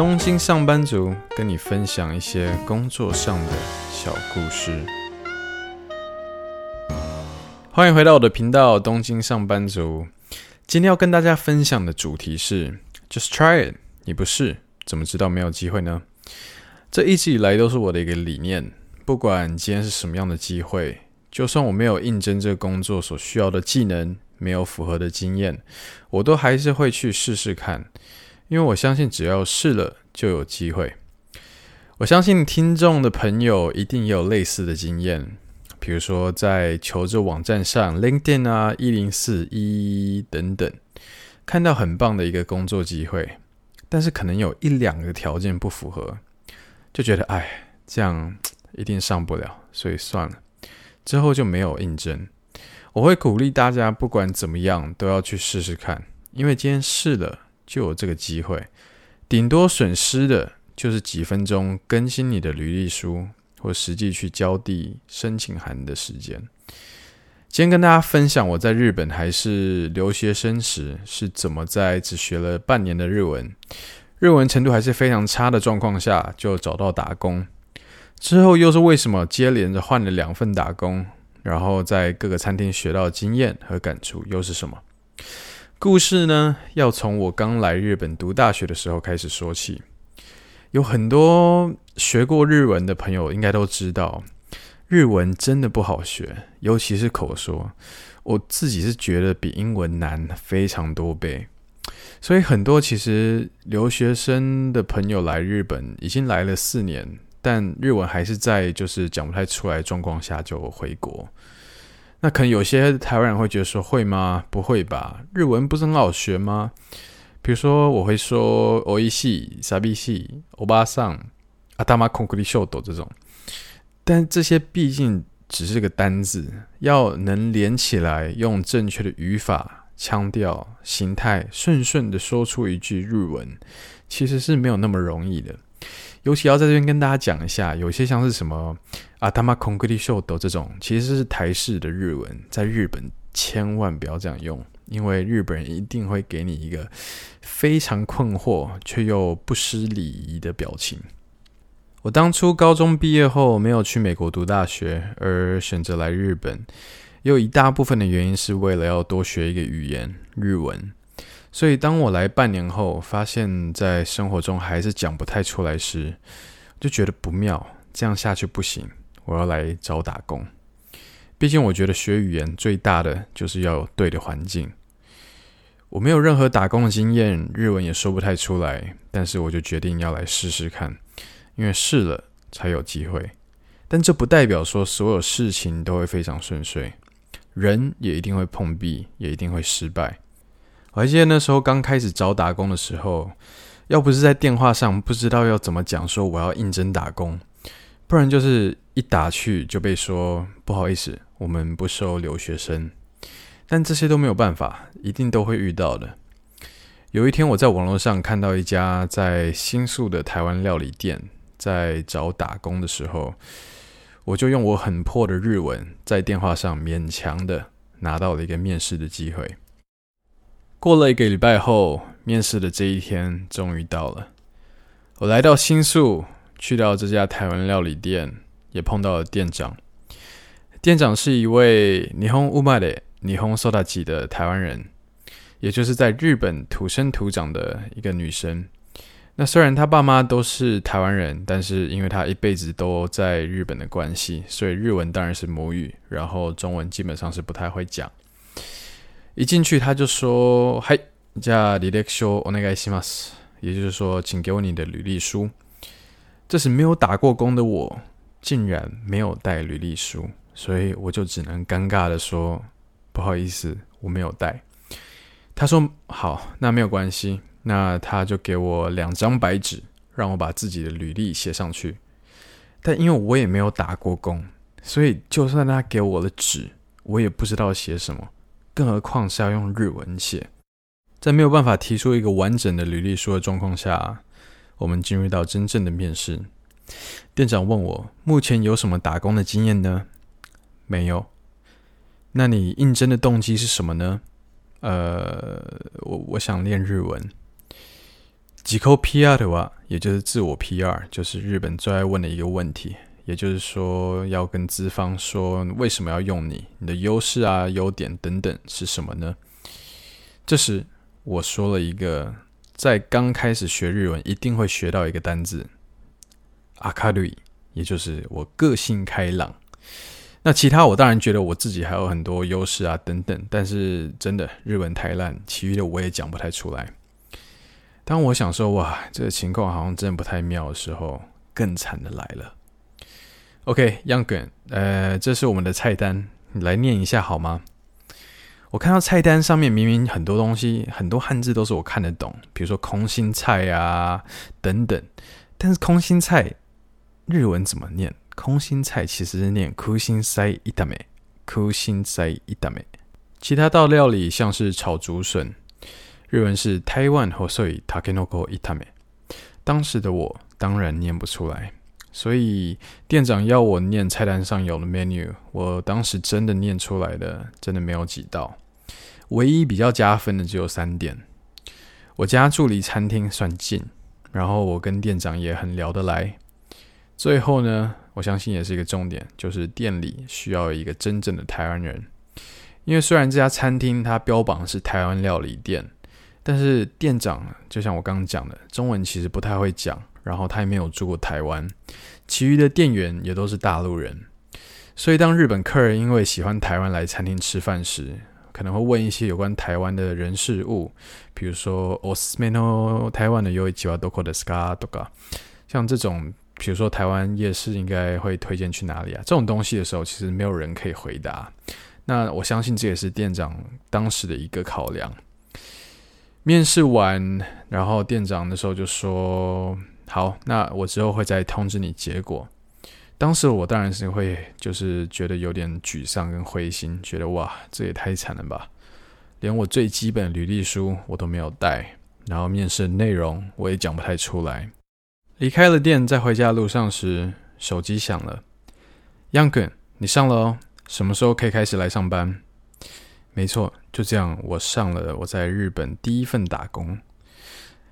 東京上班族跟你分享一些工作上的小故事。歡迎回到我的頻道。東京上班族，今天要跟大家分享的主題是：Just try it。你不試，怎麼知道沒有機會呢？這一直以來都是我的一個理念。不管今天是什麼樣的機會，就算我沒有應徵這個工作所需要的技能，沒有符合的經驗，我都還是會去試試看。因為我相信，只要試了就有機會。我相信聽眾的朋友一定也有類似的經驗，比如說在求職網站上，LinkedIn 啊、一零四一等等，看到很棒的一個工作機會，但是可能有一兩個條件不符合，就覺得哎，這樣一定上不了，所以算了。之後就沒有應徵。我會鼓勵大家，不管怎麼樣都要去試試看，因為今天試了。就有這個機會，頂多損失的就是幾分鐘更新你的履歷書或實際去交遞申請函的時間。今天跟大家分享我在日本還是留學生時，是怎麼在只學了半年的日文、日文程度還是非常差的狀況下就找到打工，之後又是為什麼接連着換了兩份打工，然後在各個餐廳學到的經驗和感觸又是什麼？故事呢，要從我剛來日本讀大學的時候開始說起。有很多學過日文的朋友應該都知道，日文真的不好學，尤其是口說。我自己是覺得比英文難非常多倍，所以很多其實留學生的朋友來日本已經來了四年，但日文還是在就是講不太出來的狀況下就回國。那可能有些台灣人會覺得說會嗎？不會吧？日文不是很好學嗎？比如說我會說“歐一系”、“傻逼系”、“歐巴桑”、“阿達瑪孔固力秀逗”這種，但這些畢竟只是個單字，要能連起來用正確的語法、腔調、形態，順順的說出一句日文，其實是沒有那麼容易的。尤其要在這邊跟大家講一下，有些像是什麼啊，たまコンクリート這種，其實是台式的日文，在日本千萬不要這樣用，因為日本人一定會給你一個非常困惑卻又不失禮儀的表情。我當初高中畢業後沒有去美國讀大學，而選擇來日本，也有一大部分的原因是為了要多學一個語言，日文。所以，當我來半年後，發現，在生活中還是講不太出來時，我就覺得不妙。這樣下去不行，我要來找打工。畢竟，我覺得學語言最大的就是要有對的環境。我沒有任何打工的經驗，日文也說不太出來，但是我就決定要來試試看，因為試了才有機會。但這不代表說所有事情都會非常順遂，人也一定會碰壁，也一定會失敗。我還記得那時候剛開始找打工的時候，要不是在電話上不知道要怎麼講，說我要應徵打工，不然就是一打去就被說不好意思，我們不收留學生。但這些都沒有辦法，一定都會遇到的。有一天我在網絡上看到一家在新宿的台灣料理店在找打工的時候，我就用我很破的日文在電話上勉強的拿到了一個面試的機會。過了一個禮拜後，面試的這一天終於到了。我來到新宿，去到這家台灣料理店，也碰到了店長。店長是一位霓虹生まれ的霓虹育ち的台灣人，也就是在日本土生土長的一個女生。那雖然她爸媽都是台灣人，但是因為她一輩子都在日本的關係，所以日文當然是母語，然後中文基本上是不太會講。一進去，他就說嗨，じゃあ、履歷書をお願いします。也就是說，請給我你的履歷書。這是沒有打過工的我，竟然沒有帶履歷書，所以我就只能尷尬地說：“不好意思，我沒有帶。”他說：“好，那沒有關係。”那他就給我兩張白紙，讓我把自己的履歷寫上去。但因為我也沒有打過工，所以就算他給我的紙，我也不知道寫什麼。更何況是要用日文寫，在沒有辦法提出一個完整的履歷書的狀況下，我們進入到真正的面試。店長問我：“目前有什麼打工的經驗呢？”“沒有。”“那你應徵的動機是什麼呢？”“呃，我我想練日文。”“自己 PR 的話，也就是自我 PR，就是日本最愛問的一個問題。”也就是說，要跟資方說為什麼要用你，你的優勢啊、優點等等是什麼呢？這時我說了一個，在剛開始學日文一定會學到一個單字，阿卡瑞，也就是我個性開朗。那其他我當然覺得我自己還有很多優勢啊等等，但是真的日文太爛，其餘的我也講不太出來。當我想說哇，這個情況好像真的不太妙的時候，更慘的來了。OK，Younggun，okay, 呃，這是我們的菜單，你來念一下好嗎？我看到菜單上面明明很多東西，很多漢字都是我看得懂，比如說空心菜啊等等。但是空心菜日文怎麼念？空心菜其實是念“空心菜伊達梅”，空心菜伊達梅。其他道料理像是炒竹筍，日文是“台灣和塔可諾伊達梅”，當時的我當然念不出來。所以店長要我念菜單上有的 menu，我當時真的念出來的，真的沒有幾道。唯一比較加分的只有三點：我家住離餐廳算近，然後我跟店長也很聊得來。最後呢，我相信也是一個重點，就是店裡需要一個真正的台灣人，因為雖然這家餐廳它標榜是台灣料理店，但是店長就像我剛剛講的，中文其實不太會講。然後他也沒有住過台灣，其餘的店員也都是大陸人，所以當日本客人因為喜歡台灣來餐廳吃飯時，可能會問一些有關台灣的人事物，比如說 Osmano 台灣的優惠計都多扣的 s c a d a 像這種，比如說台灣夜市應該會推薦去哪裡啊？這種東西的時候，其實沒有人可以回答。那我相信這也是店長當時的一個考量。面試完，然後店長的時候就說。好，那我之後會再通知你結果。當時我當然是會，就是覺得有點沮喪跟灰心，覺得哇，這也太慘了吧！連我最基本履歷書我都沒有帶，然後面試內容我也講不太出來。離開了店，在回家的路上時，手機響了。Young 你上了哦？什麼時候可以開始來上班？沒錯，就這樣，我上了我在日本第一份打工。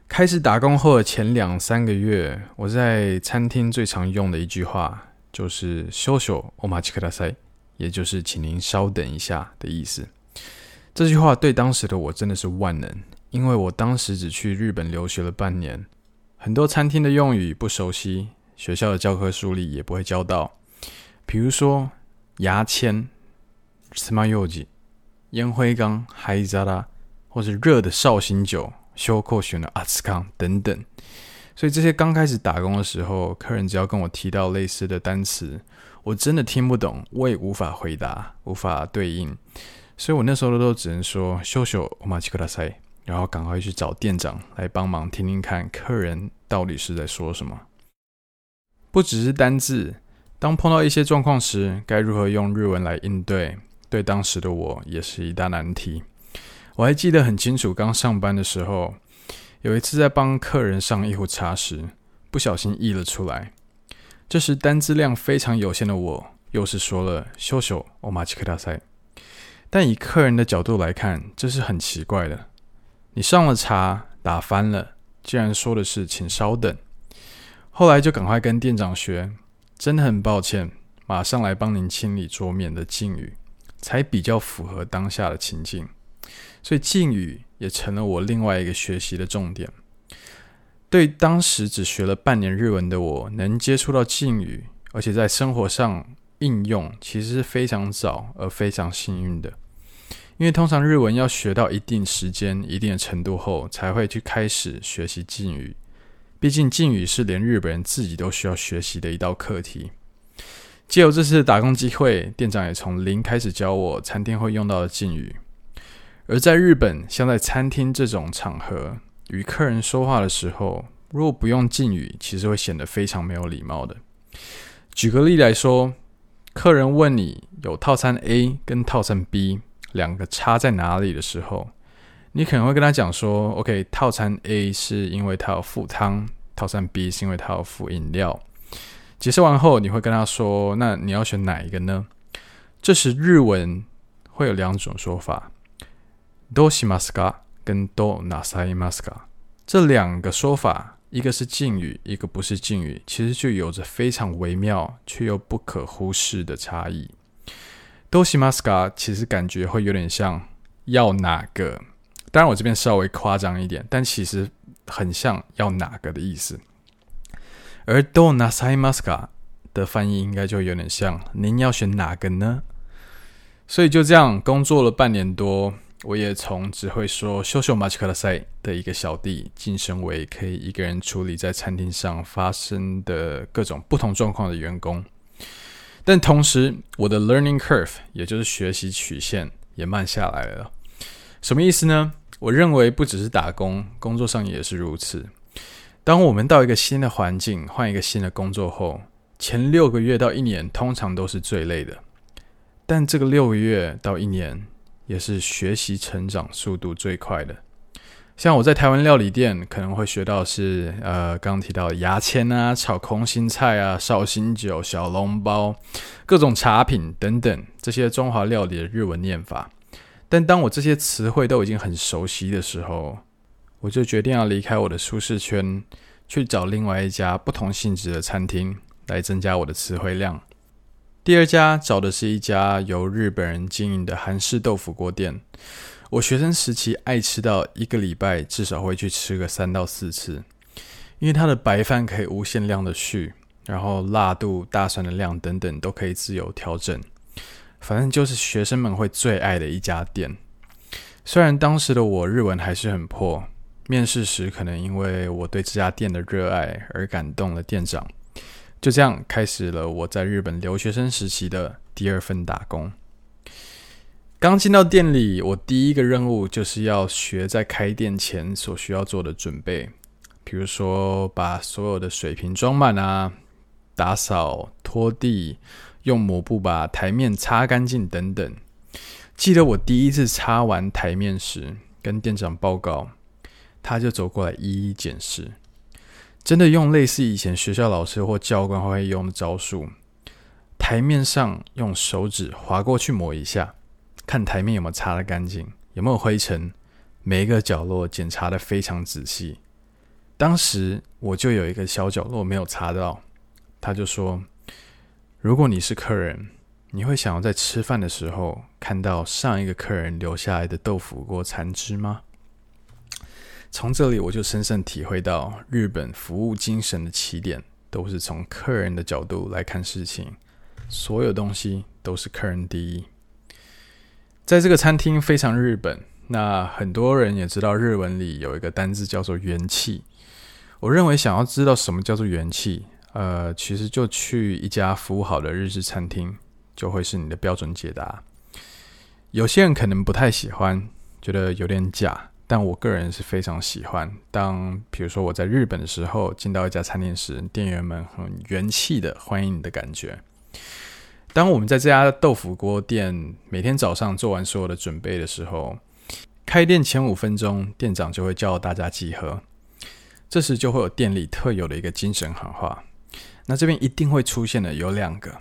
開始打工後的前兩三個月，我在餐廳最常用的一句話就是「少々お待ちください」，也就是“請您稍等一下”的意思。這句話對當時的我真的是萬能，因為我當時只去日本留學了半年，很多餐廳的用語不熟悉，學校的教科書裡也不會教到。比如說牙籤「つまようじ」，菸灰缸「灰皿”，或是熱的紹興酒。修口選了阿茲康等等，所以這些剛開始打工的時候，客人只要跟我提到類似的單詞，我真的聽不懂，我也無法回答，無法對應，所以我那時候都只能說修修，我馬起個大塞，然後趕快去找店長來幫忙聽聽看，客人到底是在說什麼。不只是單字，當碰到一些狀況時，該如何用日文來應對，對當時的我也是一大難題。我還記得很清楚，剛上班的時候，有一次在幫客人上一壺茶時，不小心溢了出來。這時單字量非常有限的我，又是說了“少々お待ちください。但以客人的角度來看，這是很奇怪的。你上了茶，打翻了，竟然說的是“請稍等”。後來就趕快跟店長學，真的很抱歉，馬上來幫您清理桌面的敬語，才比較符合當下的情境。所以敬語也成了我另外一個學習的重點。對當時只學了半年日文的我，能接觸到敬語，而且在生活上應用，其實是非常早而非常幸運的。因為通常日文要學到一定時間、一定的程度後，才會去開始學習敬語。畢竟敬語是連日本人自己都需要學習的一道課題。借由這次的打工機會，店長也從零開始教我餐廳會用到的敬語。而在日本，像在餐廳這種場合與客人說話的時候，如果不用敬語，其實會顯得非常沒有禮貌的。舉個例來說，客人問你有套餐 A 跟套餐 B 兩個差在哪裡的時候，你可能會跟他講說：“OK，套餐 A 是因為他要附湯，套餐 B 是因為他要附飲料。”解釋完後，你會跟他說：“那你要選哪一個呢？”這時日文會有兩種說法。どうしますか跟どうなさいますか這兩個說法，一個是敬語，一個不是敬語，其實就有着非常微妙卻又不可忽視的差異。どうしますか其實感覺會有點像要哪個，當然我這邊稍微誇張一點，但其實很像要哪個的意思。而どうなさいますか的翻譯應該就有點像您要選哪個呢？所以就這樣工作了半年多。我也從只會說“羞羞馬吉卡拉塞”的一個小弟晉升為可以一個人處理在餐廳上發生的各種不同狀況的員工，但同時，我的 learning curve，也就是學習曲線也慢下來了。什麼意思呢？我認為不只是打工，工作上也是如此。當我們到一個新的環境，換一個新的工作後，前六個月到一年通常都是最累的，但這個六個月到一年，也是學習成長速度最快的。像我在台灣料理店，可能會學到是，呃，剛提到的牙籤啊、炒空心菜啊、紹興酒、小籠包、各種茶品等等，這些中華料理的日文念法。但當我這些詞彙都已經很熟悉的時候，我就決定要離開我的舒適圈，去找另外一家不同性質的餐廳，來增加我的詞彙量。第二家找的是一家由日本人經營的韓式豆腐鍋店，我學生時期愛吃到一個禮拜至少會去吃個三到四次，因為它的白飯可以無限量的續，然後辣度、大蒜的量等等都可以自由調整，反正就是學生們會最愛的一家店。雖然當時的我日文還是很破，面試時可能因為我對這家店的熱愛而感動了店長。就這樣開始了我在日本留學生時期的第二份打工。剛進到店裡，我第一個任務就是要學在開店前所需要做的準備，比如說把所有的水瓶裝滿啊，打掃、拖地，用抹布把台面擦乾淨等等。記得我第一次擦完台面時，跟店長報告，他就走過來一一檢視。真的用類似以前學校老師或教官會用的招數，檯面上用手指滑過去抹一下，看檯面有沒有擦得乾淨，有沒有灰塵，每一個角落檢查得非常仔細。當時我就有一個小角落沒有擦到，他就說：“如果你是客人，你會想要在吃飯的時候看到上一個客人留下來的豆腐鍋殘汁嗎？”從這裡，我就深深體會到，日本服務精神的起點都是從客人的角度來看事情，所有東西都是客人第一。在這個餐廳非常日本，那很多人也知道日文裡有一個單字叫做“元氣”。我認為，想要知道什麼叫做元氣，呃，其實就去一家服務好的日式餐廳，就會是你的標準解答。有些人可能不太喜歡，覺得有點假。但我個人是非常喜歡，當比如說我在日本的時候，進到一家餐廳時，店員們很元氣的歡迎你的感覺。當我們在這家豆腐鍋店每天早上做完所有的準備的時候，開店前五分鐘，店長就會叫大家集合。這時就會有店裡特有的一個精神喊話。那這邊一定會出現的有兩個，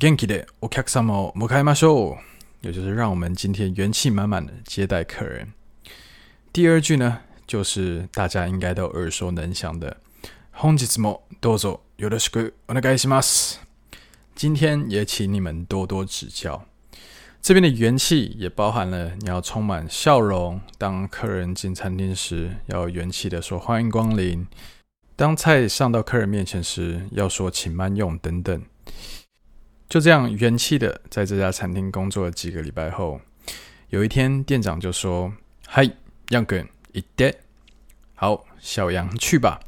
元気でお客様を迎えましょう。也就是讓我們今天元氣滿滿的接待客人。第二句呢，就是大家應該都耳熟能詳的，本日もどうぞよろしくお願いします。今天也請你們多多指教。這邊的元氣也包含了你要充滿笑容，當客人進餐廳時要元氣的說歡迎光臨，當菜上到客人面前時要說請慢用等等。就這樣元氣的在這家餐廳工作了幾個禮拜後，有一天店長就說：“嗨。”讓根一點。好，小楊去吧。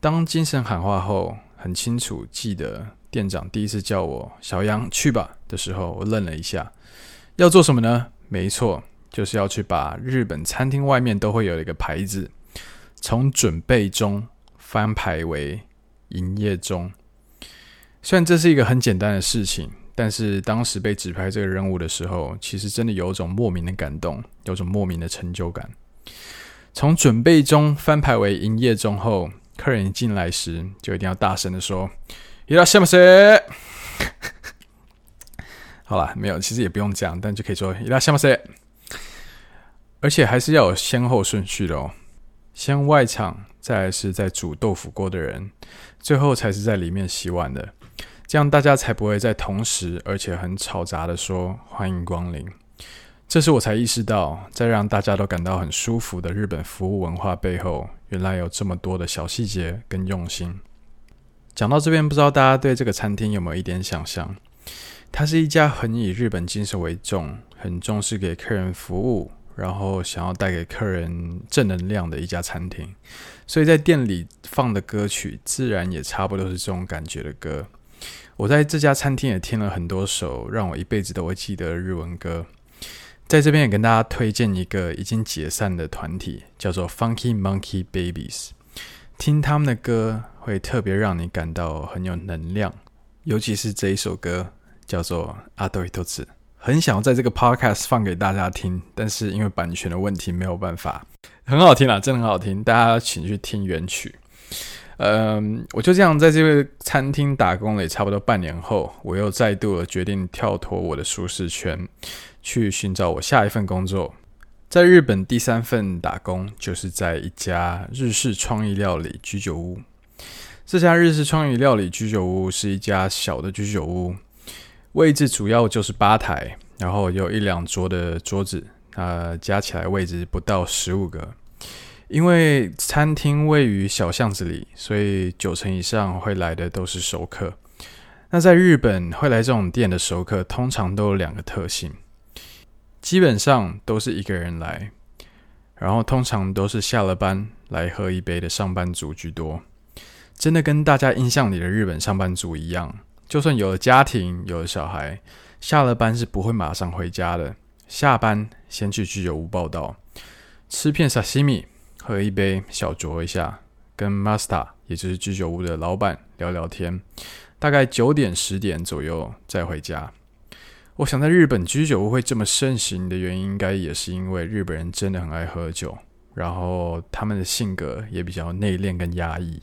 當精神喊話後，很清楚記得店長第一次叫我小楊去吧的時候，我愣了一下。要做什麼呢？沒錯，就是要去把日本餐廳外面都會有一個牌子，從準備中翻牌為營業中。雖然這是一個很簡單的事情。但是當時被指派這個任務的時候，其實真的有種莫名的感動，有種莫名的成就感。從準備中翻牌為營業中後，客人一進來時就一定要大聲的說“伊拉夏姆塞”。好啦，沒有，其實也不用講，但就可以說“伊拉夏姆塞”。而且還是要有先後順序的哦，先外場，再是在煮豆腐鍋的人，最後才是在裡面洗碗的。這樣大家才不會在同時，而且很吵雜地說“歡迎光臨”。這時我才意識到，在讓大家都感到很舒服的日本服務文化背後，原來有這麼多的小細節跟用心。講到這邊，不知道大家對這個餐廳有沒有一點想象？它是一家很以日本精神為重，很重視給客人服務，然後想要帶給客人正能量的一家餐廳。所以在店裡放的歌曲，自然也差不多是這種感覺的歌。我在這家餐廳也聽了很多首讓我一輩子都會記得的日文歌，在這邊也跟大家推薦一個已經解散的團體，叫做 Funky Monkey Babies。聽他們的歌會特別讓你感到很有能量，尤其是這一首歌叫做《あとひとつ》，很想在這個 Podcast 放給大家聽，但是因為版權的問題沒有辦法。很好聽啊，真的很好聽，大家請去聽原曲。嗯、呃，我就這樣在這個餐廳打工了，也差不多半年後，我又再度了決定跳脫我的舒適圈，去尋找我下一份工作。在日本第三份打工就是在一家日式創意料理居酒屋。這家日式創意料理居酒屋是一家小的居酒屋，位置主要就是吧台，然後有一兩桌的桌子，啊、呃，加起來位置不到十五個。因為餐廳位於小巷子裡，所以九成以上會來的都是熟客。那在日本會來這種店的熟客，通常都有兩個特性：基本上都是一個人來，然後通常都是下了班來喝一杯的上班族居多。真的跟大家印象裡的日本上班族一樣，就算有了家庭、有了小孩，下了班是不會馬上回家的，下班先去居酒屋報到，吃片沙西米。喝一杯，小酌一下，跟 master 也就是居酒屋的老闆聊聊天，大概九點十點左右再回家。我想在日本居酒屋會這麼盛行的原因，應該也是因為日本人真的很愛喝酒，然後他們的性格也比較內斂跟壓抑。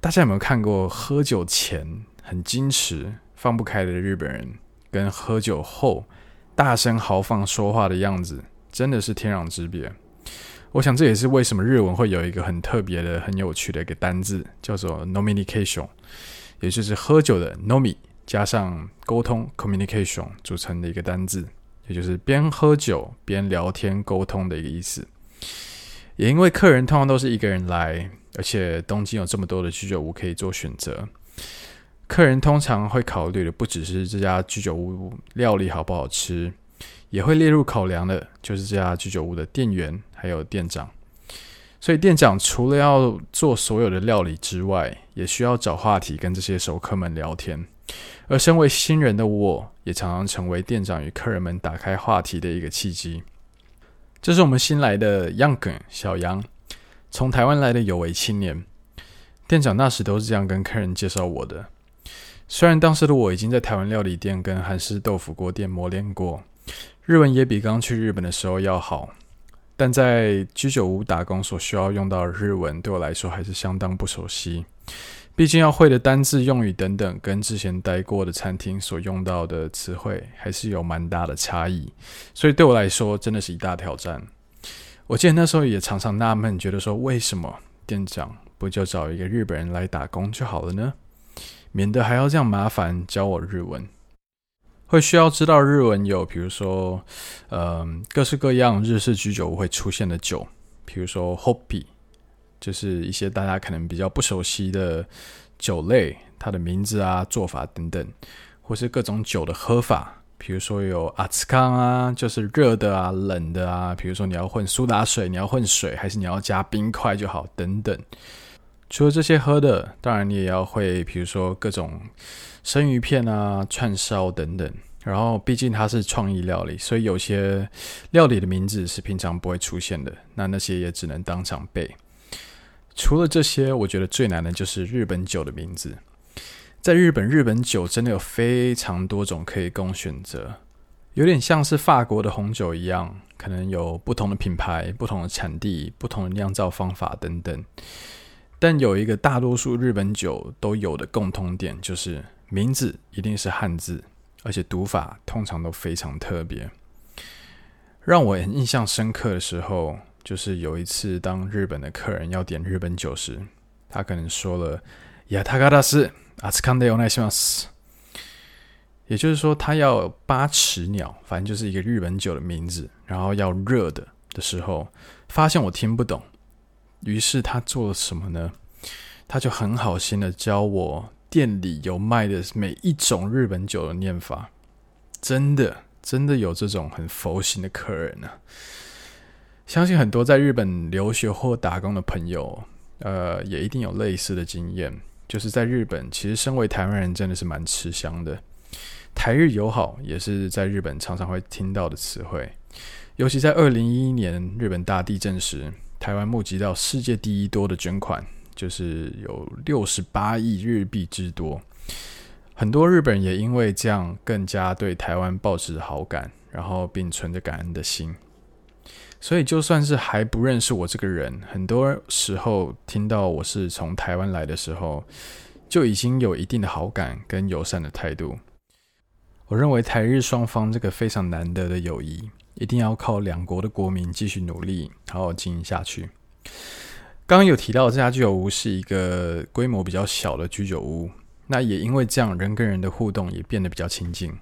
大家有沒有看過喝酒前很矜持、放不開的日本人，跟喝酒後大聲豪放說話的樣子，真的是天壤之別。我想這也是為什麼日文會有一個很特別的、很有趣的一個單字，叫做 “nominication”，也就是喝酒的 “nomi” 加上溝通 “communication” 組成的一個單字，也就是邊喝酒邊聊天溝通的一個意思。也因為客人通常都是一個人來，而且東京有這麼多的居酒屋可以做選擇，客人通常會考慮的不只是這家居酒屋料理好不好吃，也會列入考量的，就是這家居酒屋的店員。還有店長，所以店長除了要做所有的料理之外，也需要找話題跟這些熟客們聊天。而身為新人的我，也常常成為店長與客人們打開話題的一個契機。這是我們新來的楊くん小楊，從台灣來的有為青年。店長那時都是這樣跟客人介紹我的。雖然當時的我已經在台灣料理店跟韓式豆腐鍋店磨練過，日文也比剛去日本的時候要好。但在居酒屋打工所需要用到的日文，對我來說還是相當不熟悉。畢竟要會的單字、用語等等，跟之前待過的餐廳所用到的詞彙，還是有蠻大的差異。所以對我來說，真的是一大挑戰。我記得那時候也常常納悶，覺得說為什麼店長不就找一個日本人來打工就好了呢？免得還要這樣麻煩教我日文。會需要知道日文有，比如說，嗯、呃，各式各樣日式居酒屋會出現的酒，比如說 hoppy 就是一些大家可能比較不熟悉的酒類，它的名字啊、做法等等，或是各種酒的喝法，比如說有阿斯康啊，就是熱的啊、冷的啊，比如說你要混蘇打水，你要混水，還是你要加冰塊就好等等。除了這些喝的，當然你也要會，比如說各種生魚片啊、串燒等等。然後，畢竟它是創意料理，所以有些料理的名字是平常不會出現的，那那些也只能當場背。除了這些，我覺得最難的就是日本酒的名字。在日本，日本酒真的有非常多種可以供選擇，有點像是法國的紅酒一樣，可能有不同的品牌、不同的產地、不同的釀造方法等等。但有一個大多數日本酒都有的共通點，就是名字一定是漢字，而且讀法通常都非常特別。讓我很印象深刻的時候，就是有一次當日本的客人要點日本酒時，他可能說了“ヤタガダシアチカンデオナイシマス”，也就是說他要八尺鳥，反正就是一個日本酒的名字，然後要熱的的時候，發現我聽不懂。於是他做了什麼呢？他就很好心的教我店裡有賣的每一種日本酒的念法，真的真的有這種很佛心的客人呢、啊。相信很多在日本留學或打工的朋友，呃，也一定有類似的經驗，就是在日本，其實身為台灣人真的是蠻吃香的，台日友好也是在日本常常會聽到的詞彙，尤其在二零一一年日本大地震時。台灣募集到世界第一多的捐款，就是有六十八億日幣之多。很多日本人也因為這樣更加對台灣抱持好感，然後並存着感恩的心。所以就算是還不認識我這個人，很多時候聽到我是從台灣來的時候，就已經有一定的好感跟友善的態度。我認為台日雙方這個非常難得的友誼，一定要靠兩國的國民繼續努力，好好經營下去。剛剛有提到這家居酒屋是一個規模比較小的居酒屋，那也因為這樣，人跟人的互動也變得比較親近。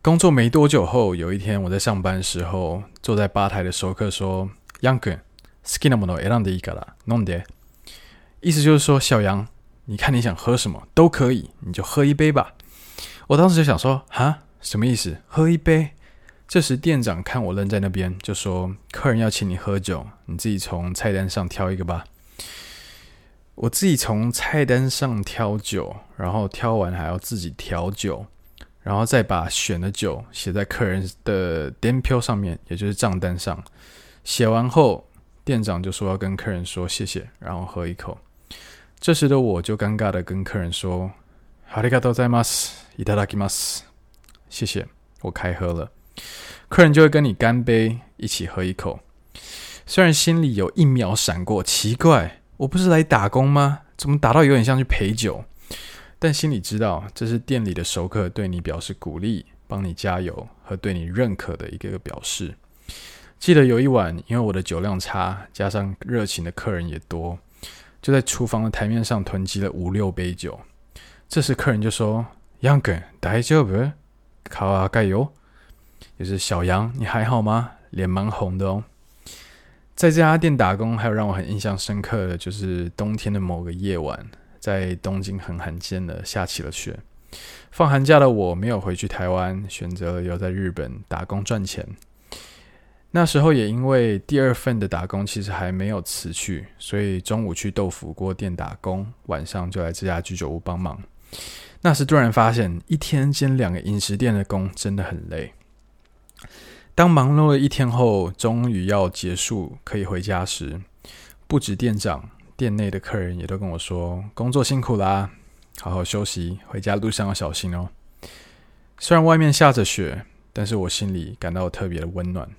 工作沒多久後，有一天我在上班的時候，坐在吧台的熟客說 y o s k i n o m o erande i kara n 意思就是說：“小楊，你看你想喝什麼都可以，你就喝一杯吧。”我當時就想說：“哈，什麼意思？喝一杯？”這時，店長看我愣在那邊，就說：“客人要請你喝酒，你自己從菜單上挑一個吧。”我自己從菜單上挑酒，然後挑完還要自己調酒，然後再把選的酒寫在客人的伝票上面，也就是賬單上。寫完後，店長就說要跟客人說謝謝，然後喝一口。這時的我就尷尬的跟客人說：“ありがとうございます。いただきます。謝謝，我開喝了。”客人就會跟你乾杯，一起喝一口。雖然心裡有一秒閃過奇怪，我不是來打工嗎？怎麼打到有點像去陪酒？但心裡知道，這是店裡的熟客對你表示鼓勵、幫你加油和對你認可的一個個表示。記得有一晚，因為我的酒量差，加上熱情的客人也多，就在廚房的台面上囤積了五六杯酒。這時客人就說：“Younger，大丈夫加油。”就是小楊，你還好嗎？臉蠻紅的哦。在這家店打工，還有讓我很印象深刻的，就是冬天的某個夜晚，在東京很罕見的下起了雪。放寒假的我沒有回去台灣，選擇了留在日本打工賺錢。那時候也因為第二份的打工其實還沒有辭去，所以中午去豆腐鍋店打工，晚上就來這家居酒屋幫忙。那時突然發現，一天兼兩個飲食店的工真的很累。當忙碌了一天後，終於要結束，可以回家時，不止店長，店內的客人也都跟我說：“工作辛苦啦，好好休息，回家路上要小心哦。”雖然外面下着雪，但是我心裡感到特別的溫暖。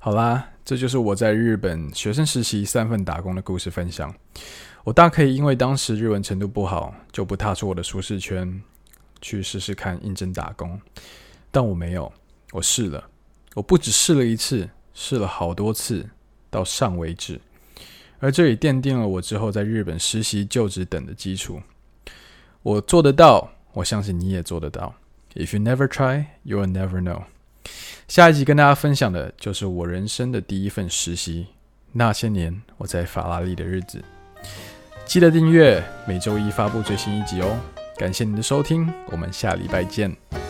好啦，這就是我在日本學生時期三份打工的故事分享。我大可以因為當時日文程度不好，就不踏出我的舒適圈，去試試看應徵打工，但我沒有。我試了，我不止試了一次，試了好多次，到上為止。而這也奠定了我之後在日本實習、就職等的基礎。我做得到，我相信你也做得到。If you never try, you will never know。下一集跟大家分享的就是我人生的第一份實習，那些年我在法拉利的日子。記得訂閱，每周一發佈最新一集哦。感謝您的收聽，我們下禮拜見。